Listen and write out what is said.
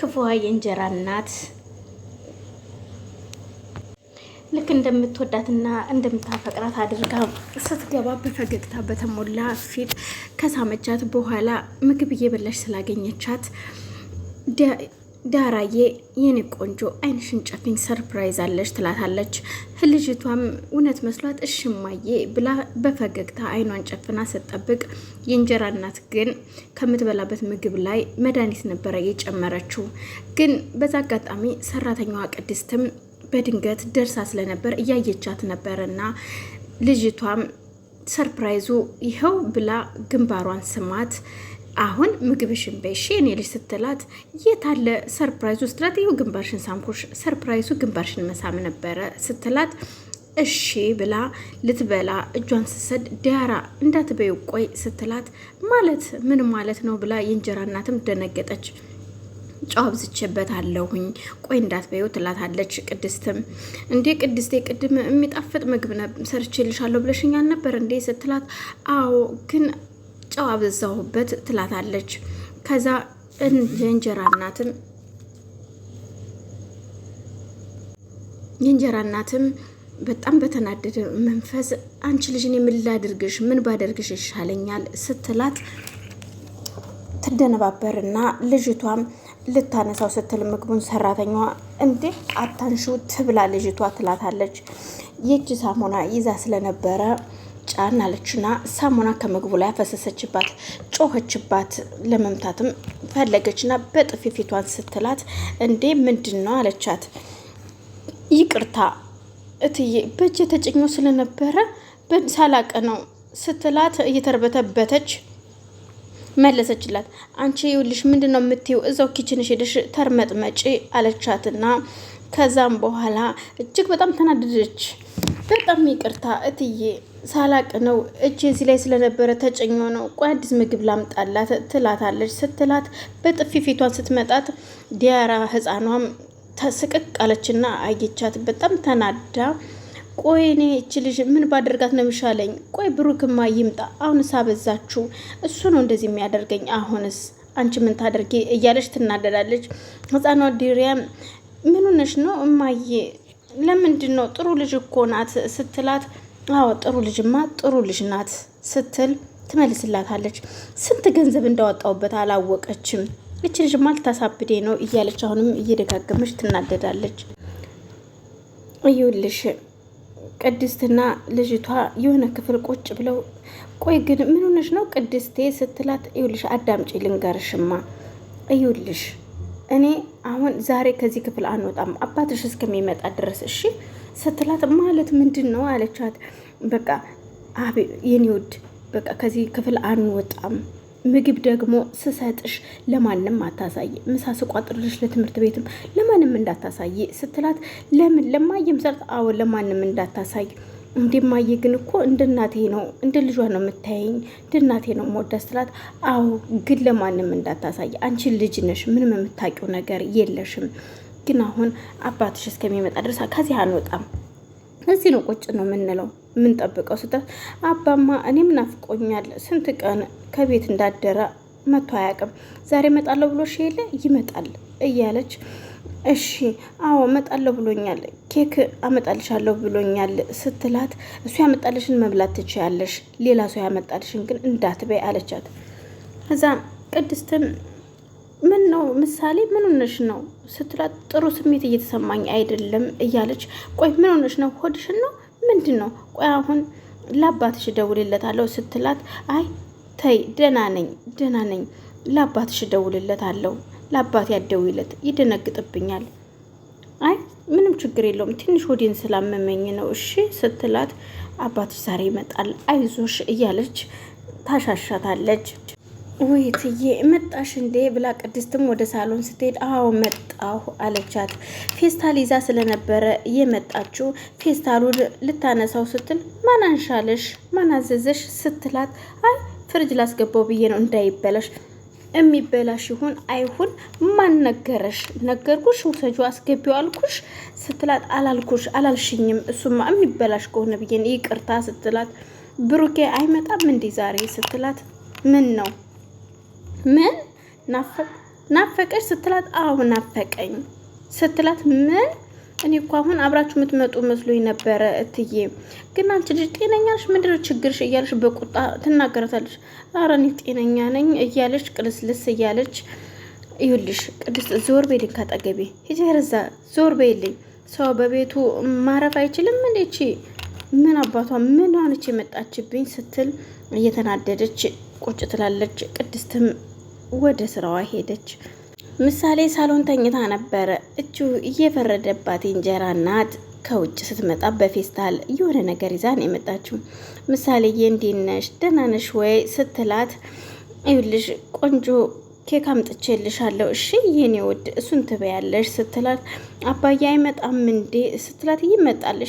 ክፉዋ የእንጀራ እናት ልክ እንደምትወዳትና እንደምታፈቅራት አድርጋ ስትገባ በፈገግታ በተሞላ ፊት ከሳመቻት በኋላ ምግብ እየበላች ስላገኘቻት ዳራዬ የኔ ቆንጆ አይንሽን ጨፊኝ ሰርፕራይዝ አለች ትላታለች። ልጅቷም እውነት መስሏት እሽማዬ ብላ በፈገግታ አይኗን ጨፍና ስትጠብቅ የእንጀራ እናት ግን ከምትበላበት ምግብ ላይ መድኃኒት ነበረ የጨመረችው። ግን በዛ አጋጣሚ ሰራተኛዋ ቅድስትም በድንገት ደርሳ ስለነበር እያየቻት ነበርና ልጅቷም ሰርፕራይዙ ይኸው ብላ ግንባሯን ስማት አሁን ምግብሽን በይሽ የኔ ልጅ ስትላት የታለ ሰርፕራይዙ ስትላት ይኸው ግንባርሽን ሳምኩሽ፣ ሰርፕራይዙ ግንባርሽን መሳም ነበረ ስትላት እሺ ብላ ልትበላ እጇን ስትሰድ ዲያራ እንዳትበይ ቆይ ስትላት ማለት ምን ማለት ነው ብላ የእንጀራ እናትም ደነገጠች። ጨው አለሁኝ ቆይ እንዳትበይው ትላታለች። ቅድስትም እንዴ ቅድስቴ ቅድም የሚጣፍጥ ምግብ ሰርቼልሻለሁ ብለሽኛል ነበር እንዴ ስትላት አዎ ግን ጨው ትላታለች። ከዛ የእንጀራ እናትም የእንጀራ እናትም በጣም በተናደደ መንፈስ አንቺ ልጅ እኔ ምን ላድርግሽ? ምን ባደርግሽ ይሻለኛል? ስትላት ትደነባበርና ልጅቷም ልታነሳው ስትል ምግቡን ሰራተኛዋ እንዲህ አታንሹ ትብላ ልጅቷ ትላታለች። የእጅ ሳሙና ይዛ ስለነበረ ጫን አለችና ሳሙና ከምግቡ ላይ አፈሰሰችባት። ጮኸችባት፣ ለመምታትም ፈለገችና በጥፊ ፊቷን ስትላት እንዴ ምንድን ነው አለቻት። ይቅርታ እትዬ በእጅ ተጭኞ ስለነበረ ሳላቀ ነው ስትላት እየተርበተበተች መለሰችላት። አንቺ ይኸውልሽ ምንድን ነው የምትይው? እዛው ኪችንሽ ሄደሽ ተርመጥመጪ አለቻትና ከዛም በኋላ እጅግ በጣም ተናደደች። በጣም ይቅርታ እትዬ ሳላቅ ነው እጅ እዚህ ላይ ስለነበረ ተጨኞ ነው። ቆይ አዲስ ምግብ ላምጣላት ትላታለች። ስትላት በጥፊ ፊቷን ስትመጣት ዲያራ ህፃኗም ስቅቅ አለችና አየቻት። በጣም ተናዳ ቆይ እኔ እች ልጅ ምን ባደርጋት ነው የሚሻለኝ? ቆይ ብሩክማ ይምጣ። አሁንስ አበዛችሁ። እሱ ነው እንደዚህ የሚያደርገኝ። አሁንስ አንቺ ምን ታደርጊ? እያለች ትናደዳለች። ህፃኗ ዲሪያም ምን ሆነሽ ነው እማዬ ለምንድን ነው ጥሩ ልጅ እኮ ናት ስትላት፣ አዎ ጥሩ ልጅማ ጥሩ ልጅ ናት ስትል ትመልስላታለች። ስንት ገንዘብ እንዳወጣውበት አላወቀችም። እች ልጅማ ልታሳብዴ ነው እያለች አሁንም እየደጋገመች ትናደዳለች። እዩልሽ ቅድስትና ልጅቷ የሆነ ክፍል ቁጭ ብለው፣ ቆይ ግን ምን ሆነሽ ነው ቅድስቴ ስትላት፣ እዩልሽ አዳምጪ ልንገርሽማ እዩልሽ እኔ አሁን ዛሬ ከዚህ ክፍል አንወጣም አባትሽ እስከሚመጣ ድረስ እሺ ስትላት፣ ማለት ምንድን ነው አለቻት። በቃ አቤ የኔ ውድ በቃ ከዚህ ክፍል አንወጣም። ምግብ ደግሞ ስሰጥሽ ለማንም አታሳይ፣ ምሳ ስቋጥርልሽ ለትምህርት ቤትም ለማንም እንዳታሳይ ስትላት፣ ለምን ለማየም ሰት አዎ ለማንም እንዳታሳይ እንዲማየ ግን እኮ እንደ እናቴ ነው እንደ ልጇ ነው የምታየኝ፣ እንደ እናቴ ነው መወዳ ስላት፣ አዎ ግን ለማንም እንዳታሳይ አንቺ ልጅ ነሽ፣ ምንም የምታውቂው ነገር የለሽም። ግን አሁን አባትሽ እስከሚመጣ ድረስ ከዚህ አንወጣም፣ እዚህ ነው ቁጭ ነው የምንለው የምንጠብቀው። ስጠት አባማ እኔም ናፍቆኛል፣ ስንት ቀን ከቤት እንዳደረ መቶ አያውቅም። ዛሬ እመጣለሁ ብሎ ሽ የለ ይመጣል እያለች እሺ አዎ እመጣለሁ ብሎኛል፣ ኬክ አመጣልሻለሁ ብሎኛል ስትላት እሱ ያመጣልሽን መብላት ትችያለሽ፣ ሌላ ሰው ያመጣልሽን ግን እንዳትበይ አለቻት። ከዛ ቅድስትም ምን ነው ምሳሌ ምን ሆነሽ ነው ስትላት፣ ጥሩ ስሜት እየተሰማኝ አይደለም እያለች ቆይ ምን ሆነሽ ነው ሆድሽን ነው ምንድን ነው? ቆይ አሁን ለአባትሽ እደውልለታለሁ ስትላት፣ አይ ተይ ደህና ነኝ ደህና ነኝ ለአባትሽ እደውልለታለሁ ለአባቴ አትደውይለት ይደነግጥብኛል። አይ ምንም ችግር የለውም ትንሽ ሆዴን ስላመመኝ ነው እሺ ስትላት፣ አባትሽ ዛሬ ይመጣል አይዞሽ እያለች ታሻሻታለች። ውይ ትዬ መጣሽ እንዴ ብላ ቅድስትም ወደ ሳሎን ስትሄድ አዎ መጣሁ አለቻት። ፌስታል ይዛ ስለነበረ የመጣችው ፌስታሉን ልታነሳው ስትል ማን አንሻለሽ ማን አዘዘሽ ስትላት፣ አይ ፍርጅ ላስገባው ብዬ ነው እንዳይበላሽ የሚበላሽ ይሁን አይሁን ማን ነገረሽ? ነገርኩሽ፣ ውሰጁ፣ አስገቢው አልኩሽ ስትላት አላልኩሽ አላልሽኝም። እሱማ የሚበላሽ ከሆነ ብዬን ይቅርታ ስትላት ብሩኬ አይመጣም እንዲ ዛሬ ስትላት ምን ነው ምን ናፈቀሽ? ስትላት አዎ ናፈቀኝ ስትላት ምን እኔ እኮ አሁን አብራችሁ የምትመጡ መስሎኝ ነበረ እትዬ። ግን አንቺ ልጅ ጤነኛ ነሽ? ምንድን ችግርሽ? እያለች በቁጣ ትናገረታለች። ኧረ እኔ ጤነኛ ነኝ እያለች ቅልስልስ እያለች ይኸውልሽ፣ ቅድስት ዞር በይልኝ፣ ካጠገቤ ሂጂ ረዛ፣ ዞር በይልኝ። ሰው በቤቱ ማረፍ አይችልም እንዴ? ምን አባቷ ምን ሆነች የመጣችብኝ? ስትል እየተናደደች ቁጭ ትላለች። ቅድስትም ወደ ስራዋ ሄደች። ምሳሌ ሳሎን ተኝታ ነበረ። እቹ እየፈረደባት እንጀራ ናት። ከውጭ ስትመጣ በፌስታል የሆነ ነገር ይዛን የመጣችው ምሳሌዬ፣ እንዴት ነሽ? ደህና ነሽ ወይ ስትላት ይኸውልሽ ቆንጆ ኬክ አምጥቼልሻለሁ እሺ የኔ ውድ እሱን ትበያለሽ ስትላት አባዬ አይመጣም እንዴ ስትላት ይመጣል